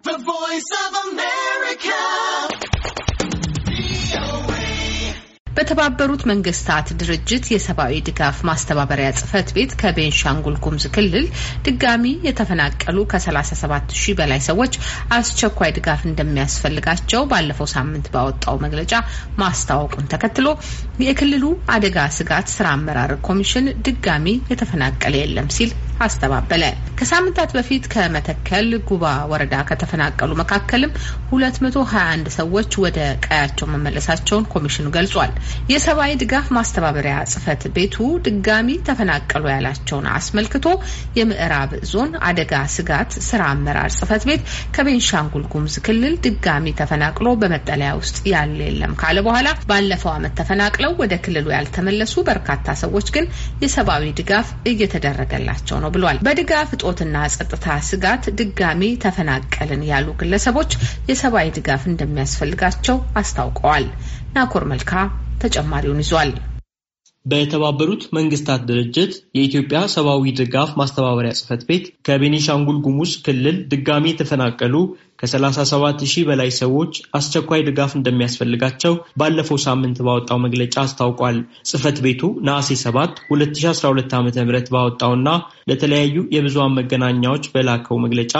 The Voice of America. በተባበሩት መንግስታት ድርጅት የሰብአዊ ድጋፍ ማስተባበሪያ ጽህፈት ቤት ከቤንሻንጉል ጉምዝ ክልል ድጋሚ የተፈናቀሉ ከ37 ሺህ በላይ ሰዎች አስቸኳይ ድጋፍ እንደሚያስፈልጋቸው ባለፈው ሳምንት ባወጣው መግለጫ ማስታወቁን ተከትሎ የክልሉ አደጋ ስጋት ስራ አመራር ኮሚሽን ድጋሚ የተፈናቀለ የለም ሲል አስተባበለ። ከሳምንታት በፊት ከመተከል ጉባ ወረዳ ከተፈናቀሉ መካከልም 221 ሰዎች ወደ ቀያቸው መመለሳቸውን ኮሚሽኑ ገልጿል። የሰብአዊ ድጋፍ ማስተባበሪያ ጽፈት ቤቱ ድጋሚ ተፈናቀሉ ያላቸውን አስመልክቶ የምዕራብ ዞን አደጋ ስጋት ስራ አመራር ጽህፈት ቤት ከቤንሻንጉል ጉሙዝ ክልል ድጋሚ ተፈናቅሎ በመጠለያ ውስጥ ያለ የለም ካለ በኋላ ባለፈው ዓመት ተፈናቅለው ወደ ክልሉ ያልተመለሱ በርካታ ሰዎች ግን የሰብአዊ ድጋፍ እየተደረገላቸው ነው ነው ብሏል። በድጋፍ እጦትና ጸጥታ ስጋት ድጋሚ ተፈናቀልን ያሉ ግለሰቦች የሰብአዊ ድጋፍ እንደሚያስፈልጋቸው አስታውቀዋል። ናኮር መልካ ተጨማሪውን ይዟል። በተባበሩት መንግስታት ድርጅት የኢትዮጵያ ሰብአዊ ድጋፍ ማስተባበሪያ ጽህፈት ቤት ከቤኒሻንጉል ጉሙዝ ክልል ድጋሚ የተፈናቀሉ ከ37 ሺህ በላይ ሰዎች አስቸኳይ ድጋፍ እንደሚያስፈልጋቸው ባለፈው ሳምንት ባወጣው መግለጫ አስታውቋል። ጽህፈት ቤቱ ነሐሴ 7 2012 ዓ ም ባወጣውና ለተለያዩ የብዙሃን መገናኛዎች በላከው መግለጫ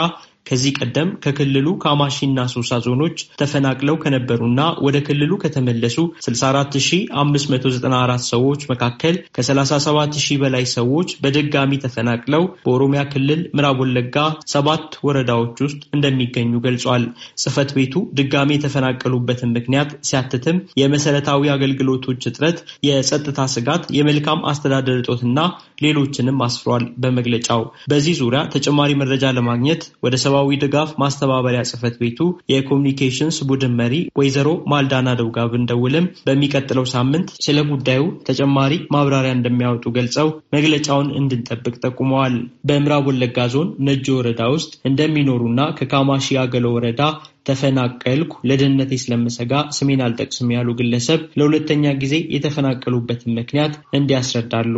ከዚህ ቀደም ከክልሉ ካማሺና ሶሳ ዞኖች ተፈናቅለው ከነበሩና ወደ ክልሉ ከተመለሱ 64594 ሰዎች መካከል ከ37000 በላይ ሰዎች በድጋሚ ተፈናቅለው በኦሮሚያ ክልል ምዕራብ ወለጋ ሰባት ወረዳዎች ውስጥ እንደሚገኙ ገልጿል። ጽህፈት ቤቱ ድጋሚ የተፈናቀሉበትን ምክንያት ሲያትትም የመሰረታዊ አገልግሎቶች እጥረት፣ የጸጥታ ስጋት፣ የመልካም አስተዳደር እጦትና ሌሎችንም አስፍሯል። በመግለጫው በዚህ ዙሪያ ተጨማሪ መረጃ ለማግኘት ወደ ሰባ የሰብአዊ ድጋፍ ማስተባበሪያ ጽህፈት ቤቱ የኮሚኒኬሽንስ ቡድን መሪ ወይዘሮ ማልዳና ደውጋ ብንደውልም በሚቀጥለው ሳምንት ስለ ጉዳዩ ተጨማሪ ማብራሪያ እንደሚያወጡ ገልጸው መግለጫውን እንድንጠብቅ ጠቁመዋል። በምዕራብ ወለጋ ዞን ነጆ ወረዳ ውስጥ እንደሚኖሩና ከካማሺ አገሎ ወረዳ ተፈናቀልኩ ለደህንነቴ ስለምሰጋ ስሜን አልጠቅስም ያሉ ግለሰብ ለሁለተኛ ጊዜ የተፈናቀሉበትን ምክንያት እንዲያስረዳሉ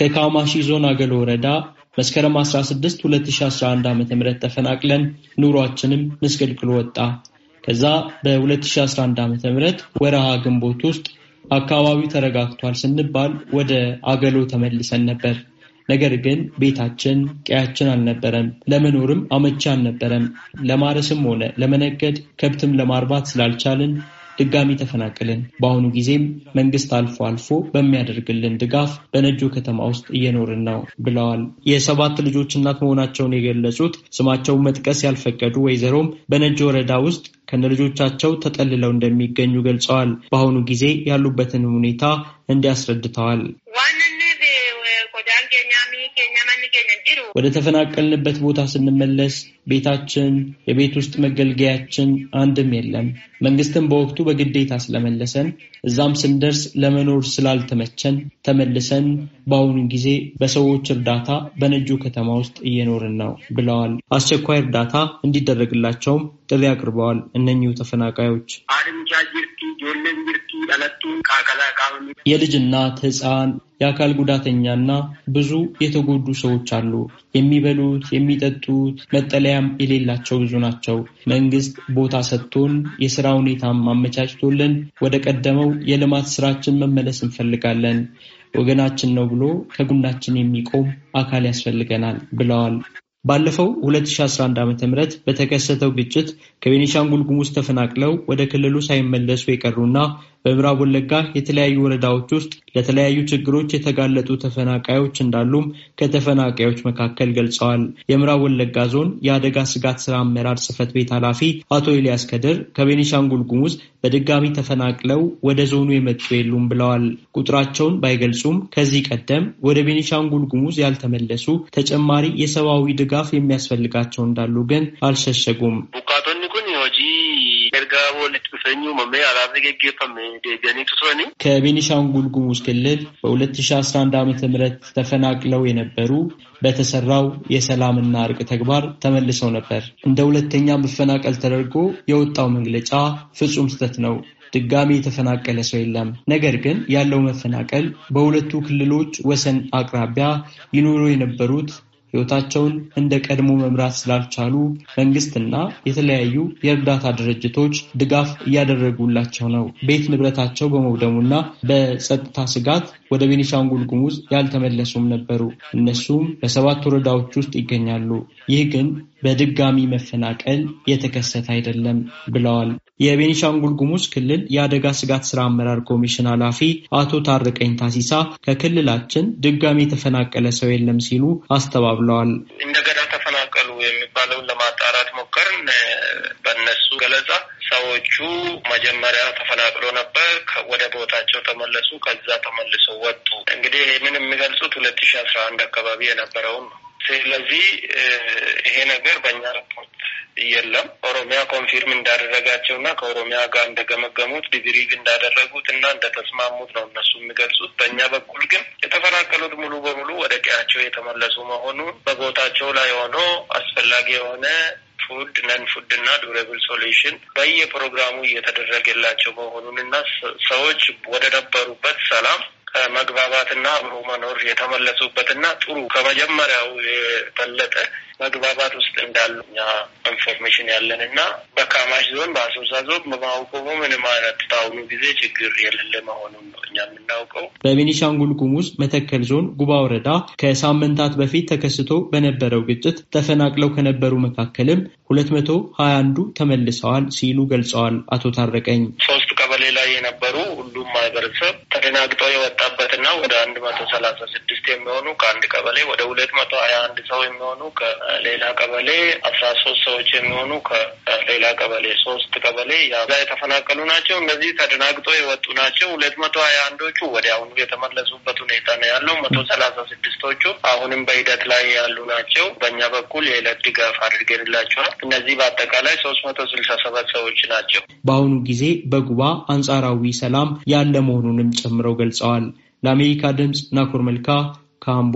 ከካማሺ ዞን አገሎ ወረዳ መስከረም 16 2011 ዓ ም ተፈናቅለን ኑሯችንም ምስቅልቅል ወጣ። ከዛ በ2011 ዓ ም ወረሃ ግንቦት ውስጥ አካባቢው ተረጋግቷል ስንባል ወደ አገሎ ተመልሰን ነበር። ነገር ግን ቤታችን ቀያችን አልነበረም። ለመኖርም አመቺ አልነበረም። ለማረስም ሆነ ለመነገድ ከብትም ለማርባት ስላልቻልን ድጋሚ ተፈናቅልን። በአሁኑ ጊዜም መንግስት አልፎ አልፎ በሚያደርግልን ድጋፍ በነጆ ከተማ ውስጥ እየኖርን ነው ብለዋል። የሰባት ልጆች እናት መሆናቸውን የገለጹት ስማቸውን መጥቀስ ያልፈቀዱ ወይዘሮም በነጆ ወረዳ ውስጥ ከነልጆቻቸው ተጠልለው እንደሚገኙ ገልጸዋል። በአሁኑ ጊዜ ያሉበትን ሁኔታ እንዲያስረድተዋል። ዋንነት ወዳን ኬኛ ኬኛ ማን ኬኛ ጅሩ ወደ ተፈናቀልንበት ቦታ ስንመለስ ቤታችን፣ የቤት ውስጥ መገልገያችን አንድም የለም። መንግስትም በወቅቱ በግዴታ ስለመለሰን እዛም ስንደርስ ለመኖር ስላልተመቸን ተመልሰን በአሁኑ ጊዜ በሰዎች እርዳታ በነጆ ከተማ ውስጥ እየኖርን ነው ብለዋል። አስቸኳይ እርዳታ እንዲደረግላቸውም ጥሪ አቅርበዋል። እነኚሁ ተፈናቃዮች የልጅ እናት፣ ህፃን፣ የአካል ጉዳተኛና ብዙ የተጎዱ ሰዎች አሉ። የሚበሉት የሚጠጡት መጠለያም የሌላቸው ብዙ ናቸው። መንግስት ቦታ ሰጥቶን የስራ ሁኔታም አመቻችቶልን ወደ ቀደመው የልማት ስራችን መመለስ እንፈልጋለን። ወገናችን ነው ብሎ ከጎናችን የሚቆም አካል ያስፈልገናል ብለዋል። ባለፈው 2011 ዓ በተከሰተው ግጭት ከቤኒሻንጉል ጉሙዝ ተፈናቅለው ወደ ክልሉ ሳይመለሱ የቀሩና በምዕራብ ወለጋ የተለያዩ ወረዳዎች ውስጥ ለተለያዩ ችግሮች የተጋለጡ ተፈናቃዮች እንዳሉም ከተፈናቃዮች መካከል ገልጸዋል። የምዕራብ ወለጋ ዞን የአደጋ ስጋት ስራ አመራር ጽህፈት ቤት ኃላፊ አቶ ኤልያስ ከድር ከቤኒሻንጉል ጉሙዝ በድጋሚ ተፈናቅለው ወደ ዞኑ የመጡ የሉም ብለዋል። ቁጥራቸውን ባይገልጹም ከዚህ ቀደም ወደ ቤኒሻንጉል ጉሙዝ ያልተመለሱ ተጨማሪ የሰብአዊ ድጋፍ የሚያስፈልጋቸው እንዳሉ ግን አልሸሸጉም። ከቤኒሻንጉል ጉሙዝ ክልል በ2011 ዓ.ም ተፈናቅለው የነበሩ በተሰራው የሰላምና እርቅ ተግባር ተመልሰው ነበር። እንደ ሁለተኛ መፈናቀል ተደርጎ የወጣው መግለጫ ፍጹም ስህተት ነው። ድጋሚ የተፈናቀለ ሰው የለም። ነገር ግን ያለው መፈናቀል በሁለቱ ክልሎች ወሰን አቅራቢያ ይኖሩ የነበሩት ሕይወታቸውን እንደ ቀድሞ መምራት ስላልቻሉ መንግስትና የተለያዩ የእርዳታ ድርጅቶች ድጋፍ እያደረጉላቸው ነው። ቤት ንብረታቸው በመውደሙና በጸጥታ ስጋት ወደ ቤኒሻንጉል ጉሙዝ ያልተመለሱም ነበሩ። እነሱም በሰባት ወረዳዎች ውስጥ ይገኛሉ። ይህ ግን በድጋሚ መፈናቀል የተከሰተ አይደለም ብለዋል። የቤኒሻንጉል ጉሙዝ ክልል የአደጋ ስጋት ስራ አመራር ኮሚሽን ኃላፊ አቶ ታርቀኝ ታሲሳ ከክልላችን ድጋሚ የተፈናቀለ ሰው የለም ሲሉ አስተባ ብለዋል። እንደገና ተፈናቀሉ የሚባለውን ለማጣራት ሞከርን። በእነሱ ገለጻ ሰዎቹ መጀመሪያ ተፈናቅሎ ነበር፣ ወደ ቦታቸው ተመለሱ፣ ከዛ ተመልሶ ወጡ። እንግዲህ ይህንን የሚገልጹት ሁለት ሺ አስራ አንድ አካባቢ የነበረውን ነው። ስለዚህ ይሄ ነገር በእኛ ሪፖርት የለም። ኦሮሚያ ኮንፊርም እንዳደረጋቸው እና ከኦሮሚያ ጋር እንደገመገሙት ዲግሪግ እንዳደረጉት እና እንደተስማሙት ነው እነሱ የሚገልጹት። በእኛ በኩል ግን የተፈናቀሉት ሙሉ በሙሉ ወደ ቀያቸው የተመለሱ መሆኑን በቦታቸው ላይ ሆኖ አስፈላጊ የሆነ ፉድ ነን ፉድ እና ዱሬብል ሶሉሽን በየፕሮግራሙ እየተደረገላቸው መሆኑን እና ሰዎች ወደ ነበሩበት ሰላም መግባባትና አብሮ መኖር የተመለሱበትና ጥሩ ከመጀመሪያው የበለጠ መግባባት ውስጥ እንዳሉ እኛ ኢንፎርሜሽን ያለን እና በካማሽ ዞን በአሶሳ ዞን በማውቆሞ ምንም አይነት በአሁኑ ጊዜ ችግር የሌለ መሆኑን እኛ የምናውቀው። በቤኒሻንጉል ጉሙዝ መተከል ዞን ጉባ ወረዳ ከሳምንታት በፊት ተከስቶ በነበረው ግጭት ተፈናቅለው ከነበሩ መካከልም ሁለት መቶ ሀያ አንዱ ተመልሰዋል ሲሉ ገልጸዋል አቶ ታረቀኝ። ቀበሌ ላይ የነበሩ ሁሉም ማህበረሰብ ተደናግጠው የወጣበትና ወደ አንድ መቶ ሰላሳ ስድስት የሚሆኑ ከአንድ ቀበሌ ወደ ሁለት መቶ ሀያ አንድ ሰው የሚሆኑ ከሌላ ቀበሌ አስራ ሶስት ሰዎች የሚሆኑ ከሌላ ቀበሌ ሶስት ቀበሌ ያዛ የተፈናቀሉ ናቸው። እነዚህ ተደናግጦ የወጡ ናቸው። ሁለት መቶ ሀያ አንዶቹ ወደ አሁኑ የተመለሱበት ሁኔታ ነው ያለው። መቶ ሰላሳ ስድስቶቹ አሁንም በሂደት ላይ ያሉ ናቸው። በእኛ በኩል የዕለት ድጋፍ አድርገንላቸዋል። እነዚህ በአጠቃላይ ሶስት መቶ ስልሳ ሰባት ሰዎች ናቸው በአሁኑ ጊዜ በጉባ አንጻራዊ ሰላም ያለ መሆኑንም ጨምረው ገልጸዋል። ለአሜሪካ ድምፅ ናኮር መልካ ካምቦ